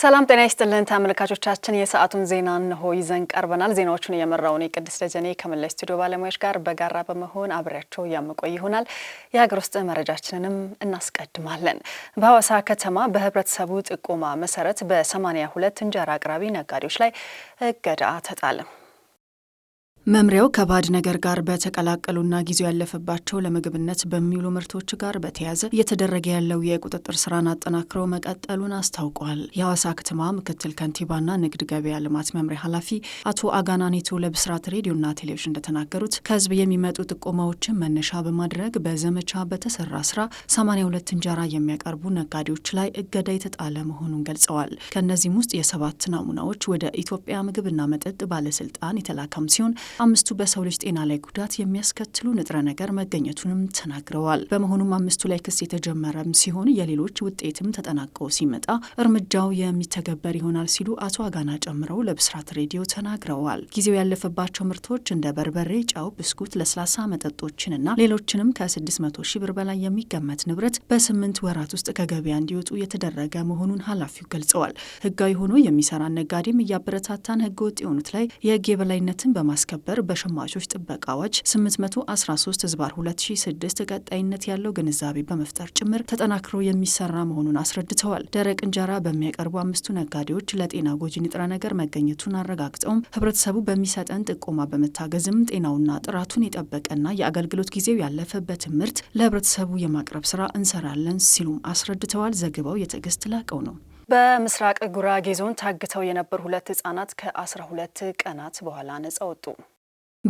ሰላም ጤና ይስጥልን ተመልካቾቻችን፣ የሰዓቱን ዜና እንሆ ይዘን ቀርበናል። ዜናዎቹን እየመራው እኔ ቅድስት ደጀኔ ከመላ ስቱዲዮ ባለሙያዎች ጋር በጋራ በመሆን አብሬያቸው እያመቆይ ይሆናል። የሀገር ውስጥ መረጃችንንም እናስቀድማለን። በሐዋሳ ከተማ በህብረተሰቡ ጥቆማ መሰረት በሰማንያ ሁለት እንጀራ አቅራቢ ነጋዴዎች ላይ እገዳ ተጣለም። መምሪያው ከባድ ነገር ጋር በተቀላቀሉና ጊዜው ያለፈባቸው ለምግብነት በሚውሉ ምርቶች ጋር በተያያዘ እየተደረገ ያለው የቁጥጥር ስራን አጠናክሮ መቀጠሉን አስታውቋል። የሐዋሳ ከተማ ምክትል ከንቲባና ንግድ ገበያ ልማት መምሪያ ኃላፊ አቶ አጋናኒቱ ለብስራት ሬዲዮና ቴሌቪዥን እንደተናገሩት ከህዝብ የሚመጡ ጥቆማዎችን መነሻ በማድረግ በዘመቻ በተሰራ ስራ 82 እንጀራ የሚያቀርቡ ነጋዴዎች ላይ እገዳ የተጣለ መሆኑን ገልጸዋል። ከእነዚህም ውስጥ የሰባት ናሙናዎች ወደ ኢትዮጵያ ምግብና መጠጥ ባለስልጣን የተላከም ሲሆን አምስቱ በሰው ልጅ ጤና ላይ ጉዳት የሚያስከትሉ ንጥረ ነገር መገኘቱንም ተናግረዋል። በመሆኑም አምስቱ ላይ ክስ የተጀመረም ሲሆን የሌሎች ውጤትም ተጠናቀው ሲመጣ እርምጃው የሚተገበር ይሆናል ሲሉ አቶ አጋና ጨምረው ለብስራት ሬዲዮ ተናግረዋል። ጊዜው ያለፈባቸው ምርቶች እንደ በርበሬ፣ ጨው፣ ብስኩት፣ ለስላሳ መጠጦችንና ሌሎችንም ከ600 ሺ ብር በላይ የሚገመት ንብረት በስምንት ወራት ውስጥ ከገበያ እንዲወጡ የተደረገ መሆኑን ኃላፊው ገልጸዋል። ህጋዊ ሆኖ የሚሰራ ነጋዴም እያበረታታን ህገወጥ የሆኑት ላይ የህግ የበላይነትን በማስከበር ማስከበር በሸማቾች ጥበቃ አዋጅ 813 ህዝባር 2006 ቀጣይነት ያለው ግንዛቤ በመፍጠር ጭምር ተጠናክሮ የሚሰራ መሆኑን አስረድተዋል። ደረቅ እንጀራ በሚያቀርቡ አምስቱ ነጋዴዎች ለጤና ጎጂ ንጥረ ነገር መገኘቱን አረጋግጠውም ህብረተሰቡ በሚሰጠን ጥቆማ በመታገዝም ጤናውና ጥራቱን የጠበቀና የአገልግሎት ጊዜው ያለፈበት ምርት ለህብረተሰቡ የማቅረብ ስራ እንሰራለን ሲሉም አስረድተዋል። ዘግባው የትዕግስት ላቀው ነው። በምስራቅ ጉራጌ ዞን ታግተው የነበሩ ሁለት ህጻናት ከ12 ቀናት በኋላ ነጻ ወጡ።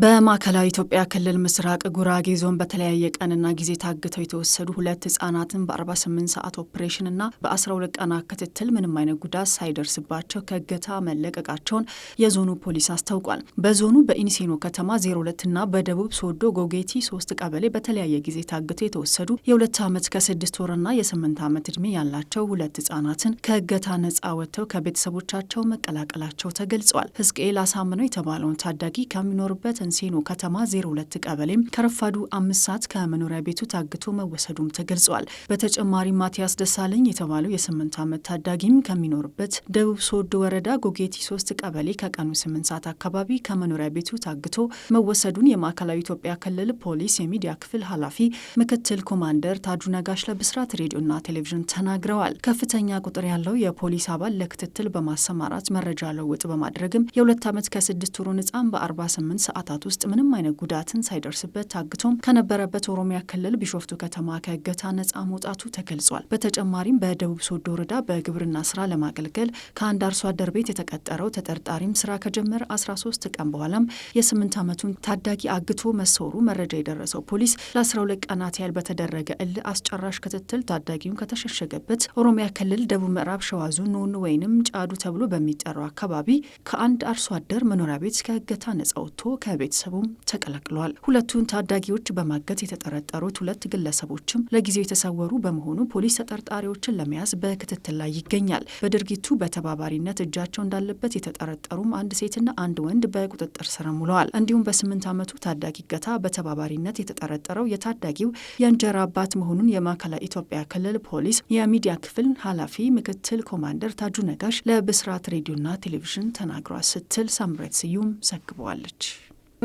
በማዕከላዊ ኢትዮጵያ ክልል ምስራቅ ጉራጌ ዞን በተለያየ ቀንና ጊዜ ታግተው የተወሰዱ ሁለት ህጻናትን በ48 ሰዓት ኦፕሬሽንና በ12 ቀናት ክትትል ምንም አይነት ጉዳት ሳይደርስባቸው ከእገታ መለቀቃቸውን የዞኑ ፖሊስ አስታውቋል። በዞኑ በኢንሴኖ ከተማ 02ና በደቡብ ሶዶ ጎጌቲ ሶስት ቀበሌ በተለያየ ጊዜ ታግተው የተወሰዱ የሁለት ዓመት ከስድስት ወርና የስምንት ዓመት ዕድሜ ያላቸው ሁለት ህጻናትን ከእገታ ነጻ ወጥተው ከቤተሰቦቻቸው መቀላቀላቸው ተገልጿል። ህዝቅኤል አሳምነው የተባለውን ታዳጊ ከሚኖርበት ተንሴኖ ከተማ 02 ቀበሌ ከረፋዱ አምስት ሰዓት ከመኖሪያ ቤቱ ታግቶ መወሰዱም ተገልጿል። በተጨማሪ ማቲያስ ደሳለኝ የተባለው የስምንት ዓመት ታዳጊም ከሚኖርበት ደቡብ ሶወድ ወረዳ ጎጌቲ ሶስት ቀበሌ ከቀኑ ስምንት ሰዓት አካባቢ ከመኖሪያ ቤቱ ታግቶ መወሰዱን የማዕከላዊ ኢትዮጵያ ክልል ፖሊስ የሚዲያ ክፍል ኃላፊ ምክትል ኮማንደር ታጁ ነጋሽ ለብስራት ሬዲዮና ቴሌቪዥን ተናግረዋል። ከፍተኛ ቁጥር ያለው የፖሊስ አባል ለክትትል በማሰማራት መረጃ ለውጥ በማድረግም የሁለት ዓመት ከስድስት ወሩ ሕፃን በ48 ሰዓት ሰዓታት ውስጥ ምንም አይነት ጉዳትን ሳይደርስበት ታግቶም ከነበረበት ኦሮሚያ ክልል ቢሾፍቱ ከተማ ከእገታ ነጻ መውጣቱ ተገልጿል። በተጨማሪም በደቡብ ሶዶ ወረዳ በግብርና ስራ ለማገልገል ከአንድ አርሶ አደር ቤት የተቀጠረው ተጠርጣሪም ስራ ከጀመረ 13 ቀን በኋላም የስምንት ዓመቱን ታዳጊ አግቶ መሰወሩ መረጃ የደረሰው ፖሊስ ለ12 ቀናት ያህል በተደረገ እልህ አስጨራሽ ክትትል ታዳጊውን ከተሸሸገበት ኦሮሚያ ክልል ደቡብ ምዕራብ ሸዋ ዞን ኖኑ ወይንም ጫዱ ተብሎ በሚጠራው አካባቢ ከአንድ አርሶ አደር መኖሪያ ቤት ከእገታ ነጻ ወጥቶ ቤተሰቡ ተቀላቅለዋል። ሁለቱን ታዳጊዎች በማገት የተጠረጠሩት ሁለት ግለሰቦችም ለጊዜው የተሰወሩ በመሆኑ ፖሊስ ተጠርጣሪዎችን ለመያዝ በክትትል ላይ ይገኛል። በድርጊቱ በተባባሪነት እጃቸው እንዳለበት የተጠረጠሩም አንድ ሴትና አንድ ወንድ በቁጥጥር ስር ውለዋል። እንዲሁም በስምንት ዓመቱ ታዳጊ እገታ በተባባሪነት የተጠረጠረው የታዳጊው የእንጀራ አባት መሆኑን የማዕከላዊ ኢትዮጵያ ክልል ፖሊስ የሚዲያ ክፍል ኃላፊ ምክትል ኮማንደር ታጁ ነጋሽ ለብስራት ሬዲዮና ቴሌቪዥን ተናግሯል ስትል ሳምሬት ስዩም ዘግበዋለች።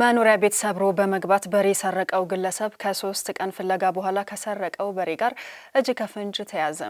መኖሪያ ቤት ሰብሮ በመግባት በሬ የሰረቀው ግለሰብ ከሶስት ቀን ፍለጋ በኋላ ከሰረቀው በሬ ጋር እጅ ከፍንጅ ተያዘ።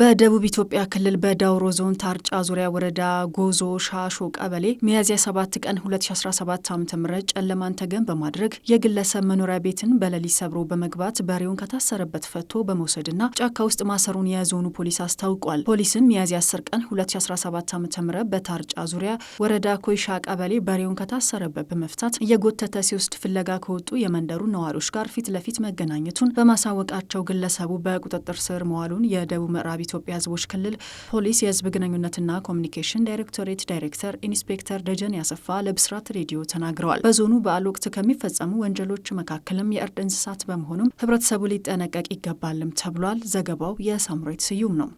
በደቡብ ኢትዮጵያ ክልል በዳውሮ ዞን ታርጫ ዙሪያ ወረዳ ጎዞ ሻሾ ቀበሌ ሚያዝያ 7 ቀን 2017 ዓ ም ጨለማን ተገን በማድረግ የግለሰብ መኖሪያ ቤትን በሌሊት ሰብሮ በመግባት በሬውን ከታሰረበት ፈቶ በመውሰድና ጫካ ውስጥ ማሰሩን የዞኑ ፖሊስ አስታውቋል። ፖሊስም ሚያዝያ 10 ቀን 2017 ዓ ም በታርጫ ዙሪያ ወረዳ ኮይሻ ቀበሌ በሬውን ከታሰረበት በመፍታት እየጎተተ ሲወስድ ፍለጋ ከወጡ የመንደሩ ነዋሪዎች ጋር ፊት ለፊት መገናኘቱን በማሳወቃቸው ግለሰቡ በቁጥጥር ስር መዋሉን የደቡብ ምዕራብ የምዕራብ ኢትዮጵያ ህዝቦች ክልል ፖሊስ የህዝብ ግንኙነትና ኮሚኒኬሽን ዳይሬክቶሬት ዳይሬክተር ኢንስፔክተር ደጀን ያሰፋ ለብስራት ሬዲዮ ተናግረዋል። በዞኑ በዓል ወቅት ከሚፈጸሙ ወንጀሎች መካከልም የእርድ እንስሳት በመሆኑም ህብረተሰቡ ሊጠነቀቅ ይገባልም ተብሏል። ዘገባው የሳምሬት ስዩም ነው።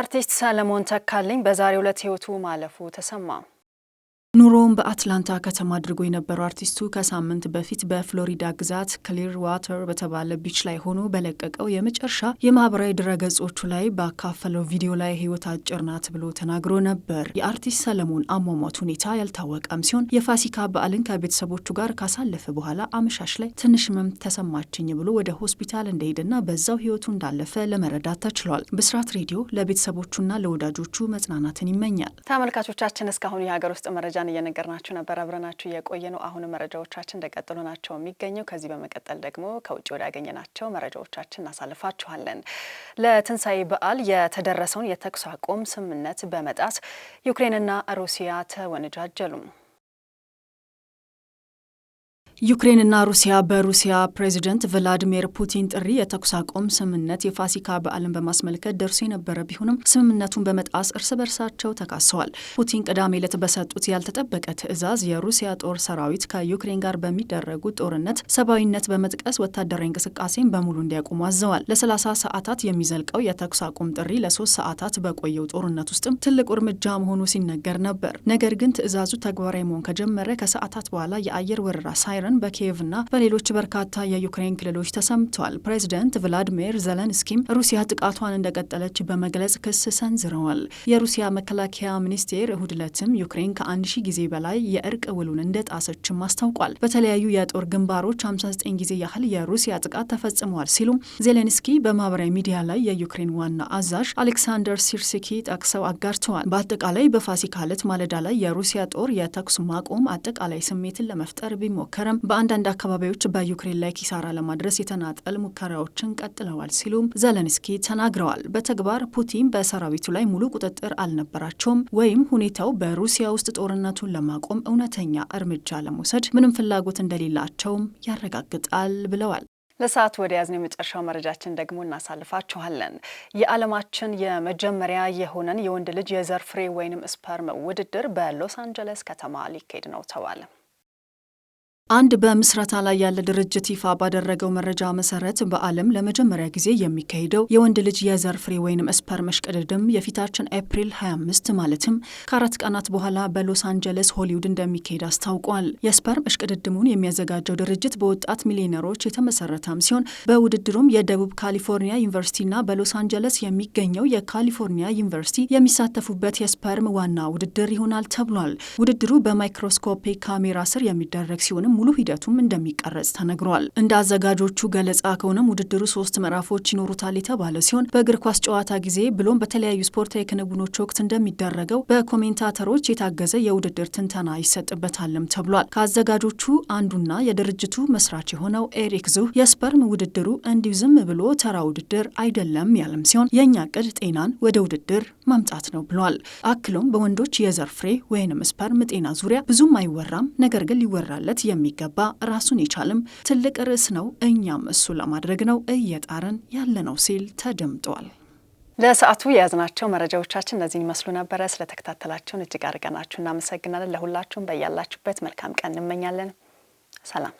አርቲስት ሰለሞን ተካልኝ በዛሬው ዕለት ህይወቱ ማለፉ ተሰማ። ኑሮውን በአትላንታ ከተማ አድርጎ የነበረው አርቲስቱ ከሳምንት በፊት በፍሎሪዳ ግዛት ክሊር ዋተር በተባለ ቢች ላይ ሆኖ በለቀቀው የመጨረሻ የማህበራዊ ድረገጾቹ ላይ ባካፈለው ቪዲዮ ላይ ህይወት አጭር ናት ብሎ ተናግሮ ነበር። የአርቲስት ሰለሞን አሟሟት ሁኔታ ያልታወቀም ሲሆን የፋሲካ በዓልን ከቤተሰቦቹ ጋር ካሳለፈ በኋላ አመሻሽ ላይ ትንሽ ህመም ተሰማችኝ ብሎ ወደ ሆስፒታል እንደሄደና በዛው ህይወቱ እንዳለፈ ለመረዳት ተችሏል። ብስራት ሬዲዮ ለቤተሰቦቹና ለወዳጆቹ መጽናናትን ይመኛል። ተመልካቾቻችን እስካሁን የሀገር ውስጥ መረጃ መረጃን እየነገርናችሁ ነበር። አብረናችሁ እየቆየ ነው። አሁን መረጃዎቻችን እንደቀጥሉ ናቸው የሚገኘው። ከዚህ በመቀጠል ደግሞ ከውጭ ወደ መረጃዎቻችን እናሳልፋችኋለን። ለትንሣኤ በዓል የተደረሰውን የተኩስ አቁም ስምምነት በመጣስ ዩክሬንና ሩሲያ ተወነጃጀሉም። ዩክሬንና ሩሲያ በሩሲያ ፕሬዚደንት ቭላዲሚር ፑቲን ጥሪ የተኩስ አቁም ስምምነት የፋሲካ በዓልን በማስመልከት ደርሶ የነበረ ቢሆንም ስምምነቱን በመጣስ እርስ በርሳቸው ተካሰዋል። ፑቲን ቅዳሜ ዕለት በሰጡት ያልተጠበቀ ትዕዛዝ የሩሲያ ጦር ሰራዊት ከዩክሬን ጋር በሚደረጉት ጦርነት ሰብአዊነት በመጥቀስ ወታደራዊ እንቅስቃሴን በሙሉ እንዲያቆሙ አዘዋል። ለ30 ሰዓታት የሚዘልቀው የተኩስ አቁም ጥሪ ለሶስት ሰዓታት በቆየው ጦርነት ውስጥም ትልቁ እርምጃ መሆኑ ሲነገር ነበር። ነገር ግን ትዕዛዙ ተግባራዊ መሆን ከጀመረ ከሰዓታት በኋላ የአየር ወረራ ሳይረን መጀመርን በኪየቭና በሌሎች በርካታ የዩክሬን ክልሎች ተሰምተዋል። ፕሬዚደንት ቭላዲሚር ዘለንስኪም ሩሲያ ጥቃቷን እንደቀጠለች በመግለጽ ክስ ሰንዝረዋል። የሩሲያ መከላከያ ሚኒስቴር እሁድ ዕለትም ዩክሬን ከአንድ ሺህ ጊዜ በላይ የእርቅ ውሉን እንደጣሰችም አስታውቋል። በተለያዩ የጦር ግንባሮች 59 ጊዜ ያህል የሩሲያ ጥቃት ተፈጽመዋል ሲሉም ዜሌንስኪ በማህበራዊ ሚዲያ ላይ የዩክሬን ዋና አዛዥ አሌክሳንደር ሲርሲኪ ጠቅሰው አጋርተዋል። በአጠቃላይ በፋሲካ ዕለት ማለዳ ላይ የሩሲያ ጦር የተኩስ ማቆም አጠቃላይ ስሜትን ለመፍጠር ቢሞከርም በአንዳንድ አካባቢዎች በዩክሬን ላይ ኪሳራ ለማድረስ የተናጠል ሙከራዎችን ቀጥለዋል ሲሉም ዘለንስኪ ተናግረዋል። በተግባር ፑቲን በሰራዊቱ ላይ ሙሉ ቁጥጥር አልነበራቸውም ወይም ሁኔታው በሩሲያ ውስጥ ጦርነቱን ለማቆም እውነተኛ እርምጃ ለመውሰድ ምንም ፍላጎት እንደሌላቸውም ያረጋግጣል ብለዋል። ለሰዓት ወደ ያዝነው የመጨረሻው መረጃችን ደግሞ እናሳልፋችኋለን። የዓለማችን የመጀመሪያ የሆነን የወንድ ልጅ የዘር ፍሬ ወይንም ስፐርም ውድድር በሎስ አንጀለስ ከተማ ሊካሄድ ነው ተባለ። አንድ በምስረታ ላይ ያለ ድርጅት ይፋ ባደረገው መረጃ መሰረት በዓለም ለመጀመሪያ ጊዜ የሚካሄደው የወንድ ልጅ የዘር ፍሬ ወይም ስፐር ሽቅድድም የፊታችን ኤፕሪል 25 ማለትም ከአራት ቀናት በኋላ በሎስ አንጀለስ ሆሊውድ እንደሚካሄድ አስታውቋል። የስፐር ሽቅድድሙን የሚያዘጋጀው ድርጅት በወጣት ሚሊዮነሮች የተመሰረተም ሲሆን በውድድሩም የደቡብ ካሊፎርኒያ ዩኒቨርሲቲና በሎስ አንጀለስ የሚገኘው የካሊፎርኒያ ዩኒቨርሲቲ የሚሳተፉበት የስፐርም ዋና ውድድር ይሆናል ተብሏል። ውድድሩ በማይክሮስኮፒክ ካሜራ ስር የሚደረግ ሲሆንም ሙሉ ሂደቱም እንደሚቀረጽ ተነግሯል። እንደ አዘጋጆቹ ገለጻ ከሆነም ውድድሩ ሶስት ምዕራፎች ይኖሩታል የተባለ ሲሆን በእግር ኳስ ጨዋታ ጊዜ ብሎም በተለያዩ ስፖርታዊ ክንውኖች ወቅት እንደሚደረገው በኮሜንታተሮች የታገዘ የውድድር ትንተና ይሰጥበታልም ተብሏል። ከአዘጋጆቹ አንዱና የድርጅቱ መስራች የሆነው ኤሪክ ዙህ የስፐርም ውድድሩ እንዲሁ ዝም ብሎ ተራ ውድድር አይደለም ያለም ሲሆን የእኛ ቅድ ጤናን ወደ ውድድር ማምጣት ነው ብሏል። አክሎም በወንዶች የዘር ፍሬ ወይንም ስፐርም ጤና ዙሪያ ብዙም አይወራም፣ ነገር ግን ሊወራለት የሚ በሚገባ ራሱን የቻለም ትልቅ ርዕስ ነው። እኛም እሱ ለማድረግ ነው እየጣረን ያለነው ሲል ተደምጧል። ለሰዓቱ የያዝናቸው መረጃዎቻችን እነዚህን ይመስሉ ነበረ። ስለተከታተላችሁን እጅግ አድርገናችሁ እናመሰግናለን። ለሁላችሁም በያላችሁበት መልካም ቀን እንመኛለን። ሰላም